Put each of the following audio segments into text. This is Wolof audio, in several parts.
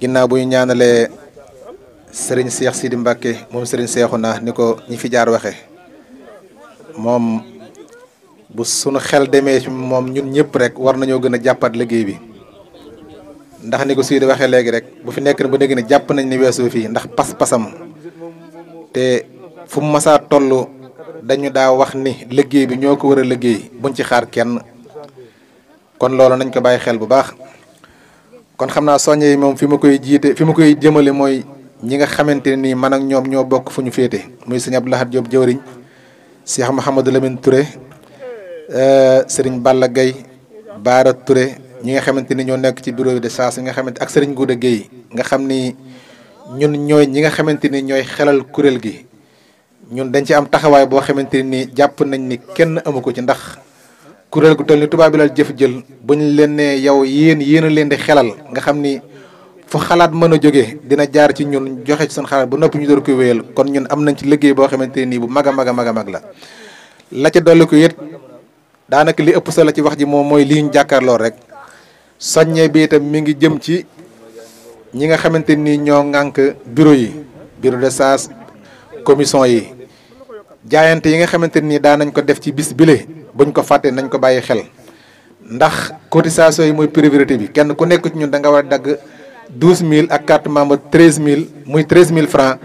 ginnaaw bu ñu ñaanalee Serigne Cheikh Sidi Mbacke moom Serigne naa ni ko ñi fi jaar waxe moom bu sunu xel demee moom ñun ñëpp rek war nañoo gën a jàppaat liggéey bi ndax ni ko Sidi waxee léegi rek bu fi nekk ne ba léegi ne jàpp nañ ni weesu fii ndax pas-pasam te fu mu masaa toll dañu daa wax ni liggéey bi ñoo ko war a liggéey buñ ci xaar kenn kon loolu nañ ko bàyyi xel bu baax kon xam naa soññe yi moom fi ma koy jiite fi mu koy jëmale mooy ñi nga xamante nii man ak ñoom ñoo bokk fu ñu féete muy sëñ Abdou Lahad Diop jëwriñ Cheikh Mouhamadou Lamine Touré euh, sëriñ Balla Gaye Baara Touré ñi nga xamante ni ñoo nekk ci bureau de chasse yi nga xamante ak sëriñ Gouda Guèye nga xam ni ñun ñooy ñi nga xamante ni ñooy xelal kuréel gi ñun dañ ci am taxawaay boo xamante nii jàpp nañ ni kenn amu ko ci ndax kuréel gu toll ni Touba Bilal jëf jël bu ñu leen ne yow yéen yéen a leen di xelal nga xam ni fu xalaat mën a jógee dina jaar ci ñun joxe ci seen xalaat ba noppi ñu door koy wéyal kon ñun am nañ ci liggéey boo xamante nii bu mag a mag a mag la la ca dolli ko it daanaka li ëpp sa la ci wax ji moom mooy lii ñu jàkkaarloo rek soññee bi itam mi ngi jëm ci ñi nga xamante nii ñoo ŋànk bureau yi bureau de sas commission yi jaayante yi nga xamante nii daan nañ ko def ci bis bile buñ ko fàttee nañ ko bàyyi xel ndax cotisation yi muy priorité bi kenn ku nekk ci ñun da nga war a dagg douze mille ak carte membre treize mille muy treize mille francs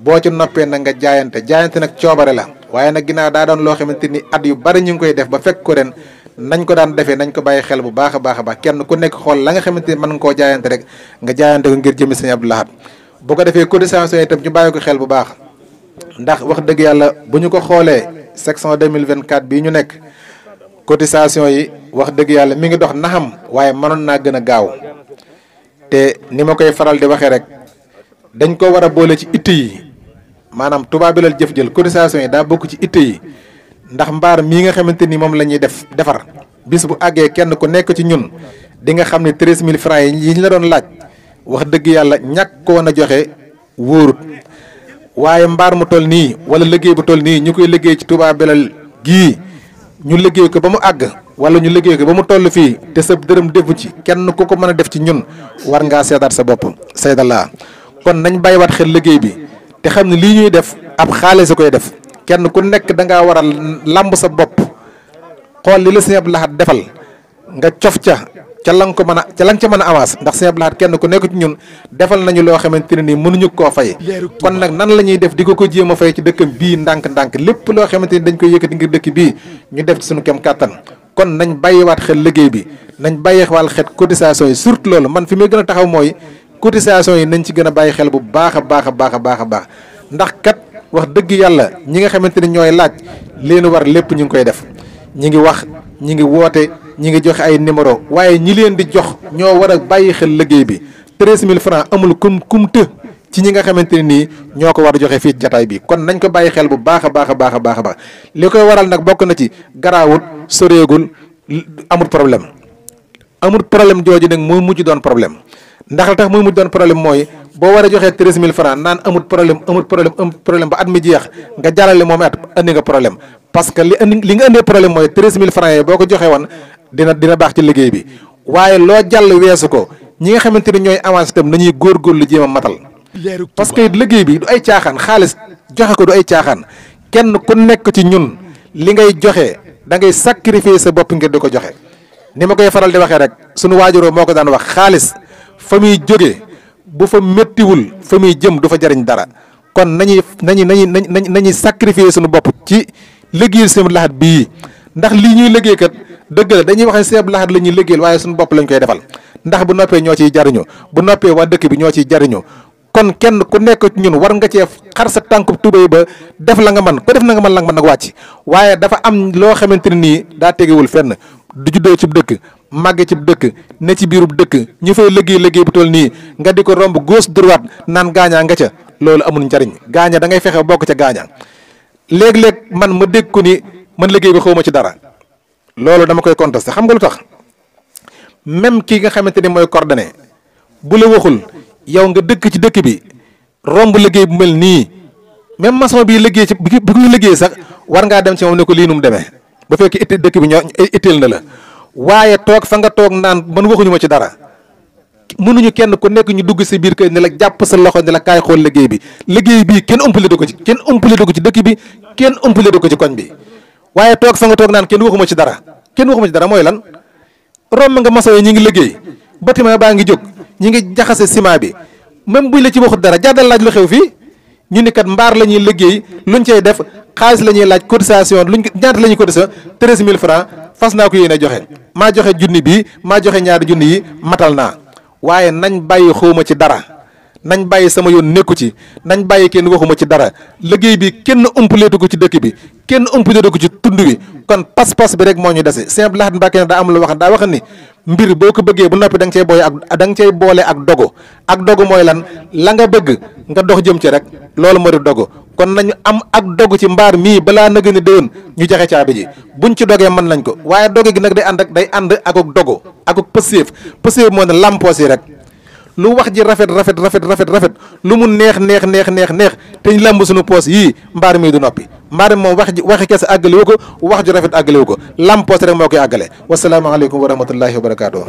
boo ci noppee nag nga jaayante jaayante nag coobare la waaye nag ginnaaw daa doon loo xamante ni at yu bari ñu ngi koy def ba fekk ko den nañ ko daan defee nañ ko bàyyi xel bu baax a baax a baax kenn ku nekk xool la nga xamante ni mën nga koo jaayante rek nga jaayante ko ngir jëmi sëñ Abdou Lahad bu ko defee cotisation itam ñu bàyyi ko xel bu baax ndax wax dëgg yàlla bu ñu ko xoolee section 2024 bi ñu nek cotisation yi wax deug yalla mi ngi dox naxam waaye mënoon naa gën gaaw te ni koy faral di waxee rek dañ ko wara bolé ci itte yi bi la jëf jël cotisation yi da bokk ci itte yi ndax mbar mi nga xamanteni mom lañuy def defar bis bu aggé kenn ku nekk ci ñun di nga xamni 13000 francs yi ñu la doon laaj wax deug yalla ñak ko joxé waaye mbaar mu toll nii wala liggéey bu toll nii ñu koy liggéey ci Touba Belel gii ñu liggéey ko ba mu àgg wala ñu liggéey ko ba mu toll fii te sa dërëm defu ci kenn ku ko mën a def ci ñun war ngaa seetaat sa bopp Seydalaa kon nañ bàyyiwaat xel liggéey bi te xam ne lii ñuy def ab xaalis a koy def kenn ku nekk da ngaa làmb sa bopp xool li la Sëñ Abdou Lahad defal nga cof ca ca la nga a ca la mën a avance ndax Sëñ Abdou kenn ku nekk ci ñun defal nañu loo xamante ne nii mënuñu koo fay kon nag nan la ñuy def di ko ko jéem a fay ci dëkkam bii ndànk-ndànk lépp loo xamante ni dañ koy yëkkati ngir dëkk bii ñu def ci suñu kem kàttan kon nañ bàyyiwaat xel liggéey bi nañ bàyyiwaat xel cotisation yi surtout loolu man fi muy gën a taxaw mooy cotisation yi nañ ci gën a bàyyi xel bu baax a baax a baax a baax a baax ndax kat wax dëgg yàlla ñi nga xamante ni ñooy laaj leen war lépp ñu ngi koy def ñi ngi wax ñi ngi woote ñi ngi joxe ay numéro waaye ñi leen di jox ñoo war a bàyyi xel liggéey bi treize mille francs amul kum kum të ci ñi nga xamante ne nii ñoo ko war a joxe fii jataay bi kon nañ ko bàyyi xel bu baax a baax a baax a baax a baax li koy waral nag bokk na ci garaawut soreegul amul problème amul problème jooju nag mooy mujj doon problème ndax la tax muy mujj doon problème mooy boo war a joxee treize mille francs naan amul problème amul problème ba at mi jeex nga jàllale moom at andi nga problème parce que boo ko joxee dina dina baax ci liggéey bi waaye loo jàll weesu ko ñi nga xamante ni ñooy avancé itam nañuy góorgóorlu jéem a matal. parce que liggéey bi du ay caaxaan xaalis joxe ko du ay caaxaan kenn ku nekk ci ñun li ngay joxe da ngay sacrifier sa bopp ngir di ko joxe. ni ma koy faral di waxee rek sunu waajuroo moo ko daan wax xaalis fa muy jógee bu fa méttiwul fa muy jëm du fa jariñ dara kon nañuy nañu nañu nañu nañuy sacrifier sunu bopp ci liggéeyu seen laxat bii ndax lii dëgg la dañuy wax ne Sëñ Abdou Lahad la ñuy liggéeyal waaye suñu bopp lañ koy defal ndax bu noppee ñoo ciy jariñu bu noppee waa dëkk bi ñoo ciy jariñu kon kenn ku nekk ci ñun war nga cee xar sa tànku tubéy ba def la nga man ko def na nga man la nga mën nag wàcc waaye dafa am loo xamante ne nii daa tegewul fenn du juddoo cib dëkk màgge ci dëkk ne ci biiru dëkk ñu fay liggéey liggéey bu tool nii nga di ko romb gauche droite naan gaañaa nga ca loolu amul njariñ gaaña da ngay fexe bokk ca gaaña léeg-léeg man ma dégg ko ni man liggéey xaw ma ci dara loolu dama koy contesté xam nga lu tax même kii nga xamante ni mooy coordonné bu la waxul yow nga dëkk ci dëkk bi romb liggéey bu mel nii même maçon bi liggéey ci bi ñu liggéey sax war ngaa dem ci moom ne ko lii nu mu demee ba fekk itti dëkk bi ñoo itteel na la waaye toog fa nga toog naan man waxuñu ma ci dara mënuñu kenn ku nekk ñu dugg si biir kër ni la jàpp sa loxo ni la kaay xool liggéey bi liggéey bii kenn umpale du ko ci kenn umpale du ko ci dëkk bi kenn umpale ko ci koñ bi waaye toog fa nga toog naan kenn waxuma ci dara kenn waxuma ci dara mooy lan romb nga maçon yi ñi ngi liggéey bâtiment baa ngi jóg ñi ngi jaxase ciment bi même buñ la ci waxut dara jàddal laaj lu xew fii ñu ni kat mbaar la ñuy liggéey luñ cay def xaalis la ñuy laaj cotisation luñ ñaata la ñuy cotisation treize mille francs fas naa ko yéene joxe maa joxe junni bi maa joxe ñaari junni yi matal naa waaye nañ bàyyi xawma ci dara nañ bàyyi sama yoon nekku ci nañ bàyyi kenn waxuma ci dara léggéey bi kenn ëmpaleetu ko ci dëkk bi kenn ëmpaleetu ko ci tund bi kon pas-pas bi rek moo ñu dese sëñ Abdou Lahad Mbacké ne daa am lu wax daa wax ni mbir boo ko bëggee bu noppi da nga cay boole ak da nga cay boole ak dogo ak dogo mooy lan la nga bëgg nga dox jëm ci rek loolu moo di dogo kon nañu am ak dogu ci mbaar mii balaa nag ni déwén ñu joxe caabi ji buñ ci dogee mën lañ ko waaye doge gi nag day ànd ak day ànd ak dogo ak ak pëseef moo ne lampoos yi rek. lu wax ji rafet rafet rafet rafet rafet lu mu neex neex neex neex neex te ñu làmb suñu poos yii mbaar mi du noppi mbaar moom wax ji waxi kese àggalewu ko wax ju rafet àggalewu ko làmb poos rek moo koy àggale wasalaamaaleykum wa rahmatullahi wa barakaatu.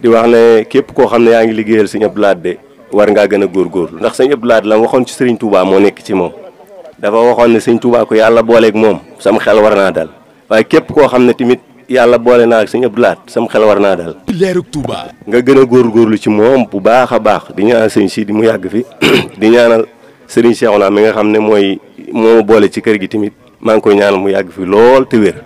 di wax ne képp koo xam ne yaa ngi liggéeyal sëñ Abdou Lahad de war ngaa gën a góorgóorlu ndax sañ Abdou Lahad la waxoon ci sëriñ Touba moo nekk ci moom dafa waxoon ne sëñ Touba ko yàlla booleek moom sama xel war naa dal waaye képp koo xam ne tamit yalla boole na ak seigne abdoulat sam xel war na dal leeru Touba nga gor gor lu ci mom bu baakha a baax di ñaan seigne sidi mu yàgg fi di ñaanal seigne Cheikhouna mi nga xamne moy mooy boole ci kër gi timit ma ngi koy ñaanal mu yàgg fi lool te wër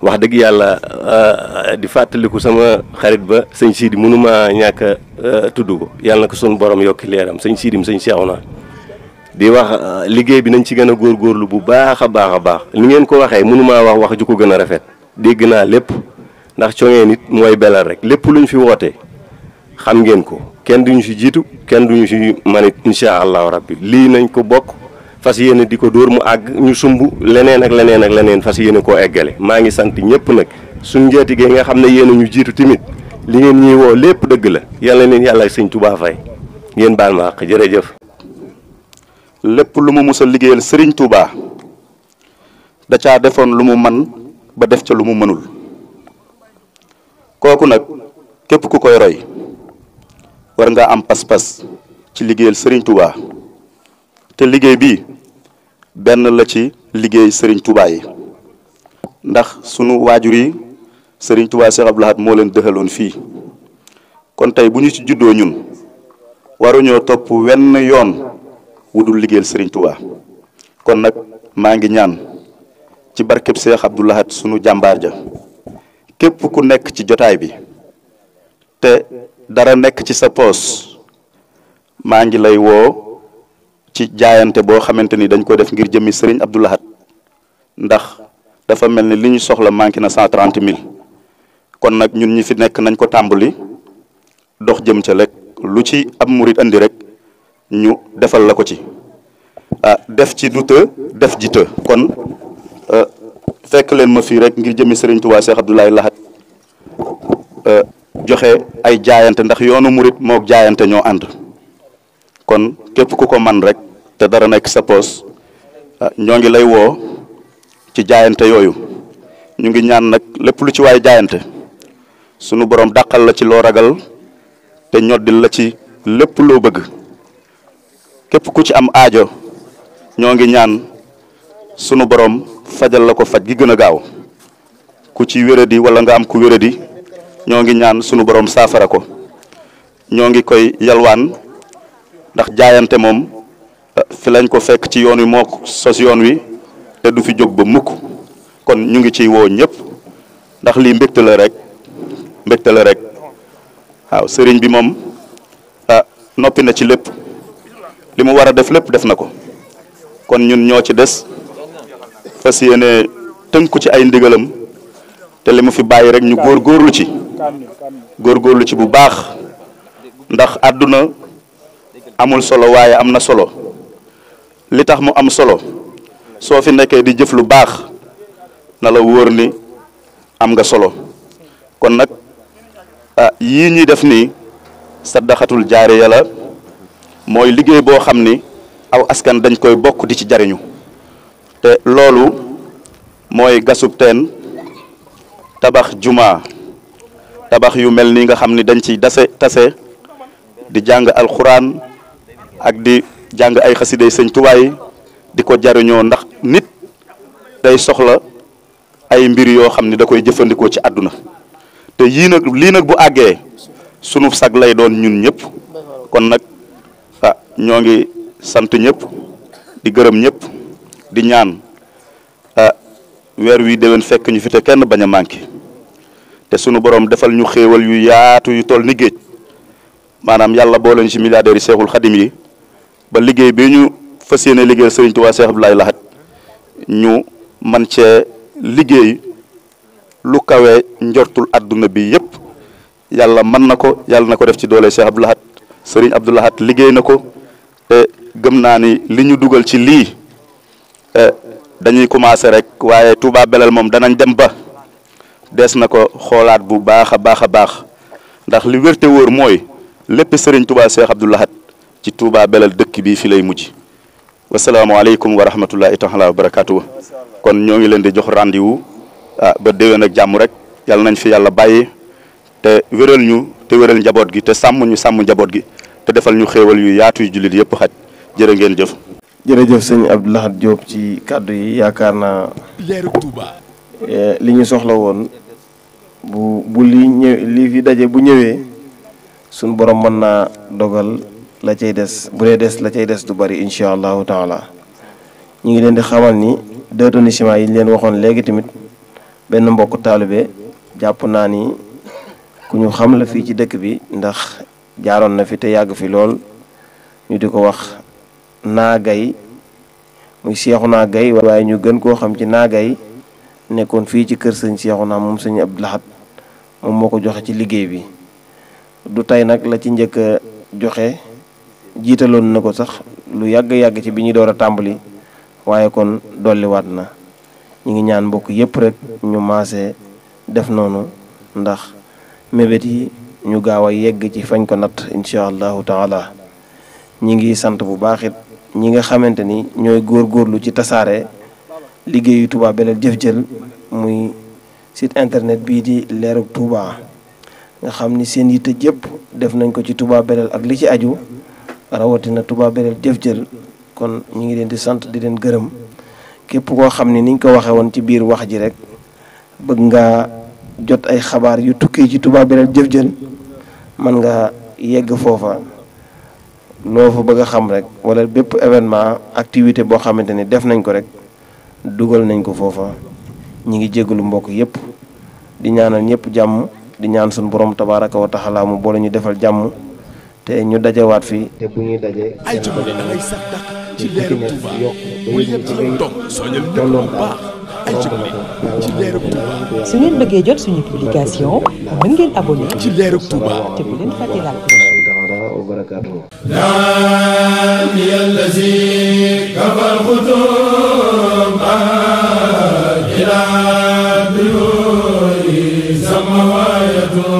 wax deug yalla ah, di fàttaliku sama xarit ba seigne Sidi mënuma ñàkk ah, tuddu ko yalla nako sun borom yokki leeram seigne Sidi seigne Cheikhouna di wax ah, liggey bi nañ ci gën gor góorgóorlu bu baakha baakha baax li ngeen ko waxe wax wax ju ko gëna rafet dégg naa lépp ndax congee nit mooy belal rek lépp luñ fi woote xam ngeen ko kenn duñu si jiitu kenn duñu si manit insha allahu rabbi lii nañ ko bokk fas yéene di ko dóor mu àgg ñu sumb leneen ak leneen ak leneen fas yéene koo eggale maa ngi sant ñëpp nag suñ njaatigee nga xam ne ñu jiitu timit li ngeen ñuy woo lépp dëgg la yàlla leen yàlla ak sëñ Touba fay ngeen baal ma àq jërëjëf. lépp lu mu mës a liggéeyal Serigne Touba da caa defoon lu mu man ba def ci lu mu mënul koku nak kep ku koy roy war nga am pas pass ci liggéeyal Serigne Touba te liggéey bi ben la ci liggéey Serigne Touba yi ndax sunu wajuri yi Serigne Touba Cheikh Abdou Lahad moo leen dëxaloon fii kon tay buñu ci juddo ñun ñoo top wenn yoon wudul liggéeyal Serigne Touba kon nak maangi ñaan ci barkeb Seex Abdou Lahad sunu jàmbaar ja képp ku nekk ci jotaay bi te dara nekk ci sa poos maa ngi lay woo ci jaayante boo xamante ni dañ ko def ngir jëmmi sëriñ Abdou ndax dafa mel ni li ñu soxla manqué na cent trente mille kon nag ñun ñi fi nekk nañ ko tàmbali dox jëm ca rek lu ci ab murit indi rek ñu defal la ko ci ah def ci du të def ji të kon Euh, fekk len ma fi rek ngir jëmi Serigne Touba Cheikh Abdoulaye Lahat euh, joxe ay jaayante ndax yoonu mourid mok jaayante ño and kon kep ku ko man rek te dara nek sa pos ah, ñoo ngi lay wo ci jaayante yoyu ñu ngi ñaan nak lepp lu ci way jaayante sunu borom dakkal la ci lo ragal te ñoddil la ci lepp lo bëgg kep ku ci am aajo ñoo ngi ñaan sunu borom fajal la ko faj gi gën a gaaw ku ci wéradi wala nga am ku wéradi ñoo ñaan sunu borom saafara ko ñoo ngi koy yalwaan ndax jaayante moom eh, fi lañ ko fekk ci sos yoon wi te du fi ba mukk kon ñu ngi ciy woo ñëpp ndax lii mbégte la rek mbégte la rek waaw sëriñ bi moom ah na ci a def lépp def na kon ñun ñoo ci fas yéene tënku ci ay ndigalam te li mu fi bàyyi rek ñu góor góorlu ci góorgóorlu ci bu baax ndax àdduna amul solo waaye am na solo li tax mu am solo soo fi nekkee di jëf lu baax na la wóor ni am nga solo kon nag ah yii ñuy def nii saddaxatul jaariya la mooy liggéey boo xam ni aw askan dañ koy bokk di ci jariñu te loolu mooy gasub teen tabax jumaa tabax yu mel ni nga xam ni dañ ciy dase tase di jàng alxuraan ak di jàng ay xasiday sëñ tubaay di ko jariñoo ndax nit day soxla ay mbir yoo xam ni da koy jëfandikoo ci àdduna te yii nag lii nag bu àggee sunu sag lay doon ñun ñëpp kon nag ah ñoo ngi sant ñëpp di gërëm ñépp di ñaan ah weer wi déwén fekk ñu fi te kenn bañ a manqué te sunu borom defal ñu xéewal yu yaatu yu toll ni géej maanaam yàlla boo leen ci milliardaires yi seexul xadim yi ba liggéey bi ñu fas yéene liggéeyal Serigne Touba Cheikh Abdoulaye Lahat ñu man cee liggéey lu kawe njortul adduna bi yépp yàlla mën na ko yàlla na ko def ci doole Cheikh Abdoulaye Lahat Serigne Abdoulaye liggéey na ko te gëm naa ni li ñu dugal ci lii Eh, dañuy commencer rek waye Touba belal mom danañ dem ba dess nako ko bu baakha baakha baax ndax li werté wor moy lepp serigne Touba Cheikh Abdou ci Touba belal dekk bi fi lay mujj alaykum wa rahmatullahi taala wa barakatuh kon ñoo ngi leen di jox rendez-vous ah ba déwén nak jamm rek yalla nañ fi yalla bayyi te wéral ñu te wéral njabot gi te sàmm ñu sàmm njabot gi te defal ñu xéewal yu yaatu julit yépp xat jërë jëf jërëjëf sëñ ab laxat Diop ci kàddu yi yaakaar naa leeru eh, li ñu soxla woon bu bu li ñëw li fi daje bu ñëwee suñ borom mën naa dogal la cay des bu dee des la cay des du bari incha allahu taala ñu ngi leen di xamal ni deux tonnes ciment yi ñu leen waxoon léegi tamit benn mbokk taalibe jàpp naa ni ku ñu xam la fii ci dëkk bi ndax jaaroon na fi te yàgg fi lool ñu di ko wax naaga yi muy Seexuna Gay waaye ñu gën koo xam ci naaga yi nekkoon fii ci kër sañ sëñ Seexuna moom sëñ ab laxat moom moo ko joxe ci liggéey bi du tey nag la ci njëkk joxe jiitaloon na ko sax lu yàgg-yàgg ci bi ñuy door a tàmbali waaye kon dolliwaat na ñu ngi ñaan mbokk yépp rek ñu maase def noonu ndax mébét yi ñu gaaw a yegg ci fañ ko natt incha allahu taala ñi ngi sant bu baax ñi nga xamante ni ñooy góorgóorlu ci tasaare liggéeyu Touba Belel jëf jël muy site internet bii di leerug Touba nga xam ni seen yitte jëpp def nañ ko ci Touba Belel ak li ci aju rawatina Touba Belel jëf jël kon ñu ngi leen di sant di leen gërëm képp koo xam ni niñ ko waxee woon ci biir wax ji rek bëgg nga jot ay xabaar yu tukkee ci Touba Belel jëf jël mën nga yegg foofa loo fa bëgg xam rek wala bépp événement activité bo xamanteni def nañ ko rek duggal nañ ko foofa ñi ngi jégalu mbokk yépp di ñaanal ñépp jamm di ñaan sun borom tabarak wa taala mu bo lañu defal jamm té ñu dajé waat fi té bu ñuy dajé ay ci ci leeru Tuuba muy ci dana toog soñal ñëpp lu baax ay ci ci leeru Tuuba. su ngeen bëggee jot suñu publication mën ngeen abonné ci leeru Tuuba te bu leen fàtte وبركاته نعمي الذي كفى الخطوب إلى بيوي سمى ويدور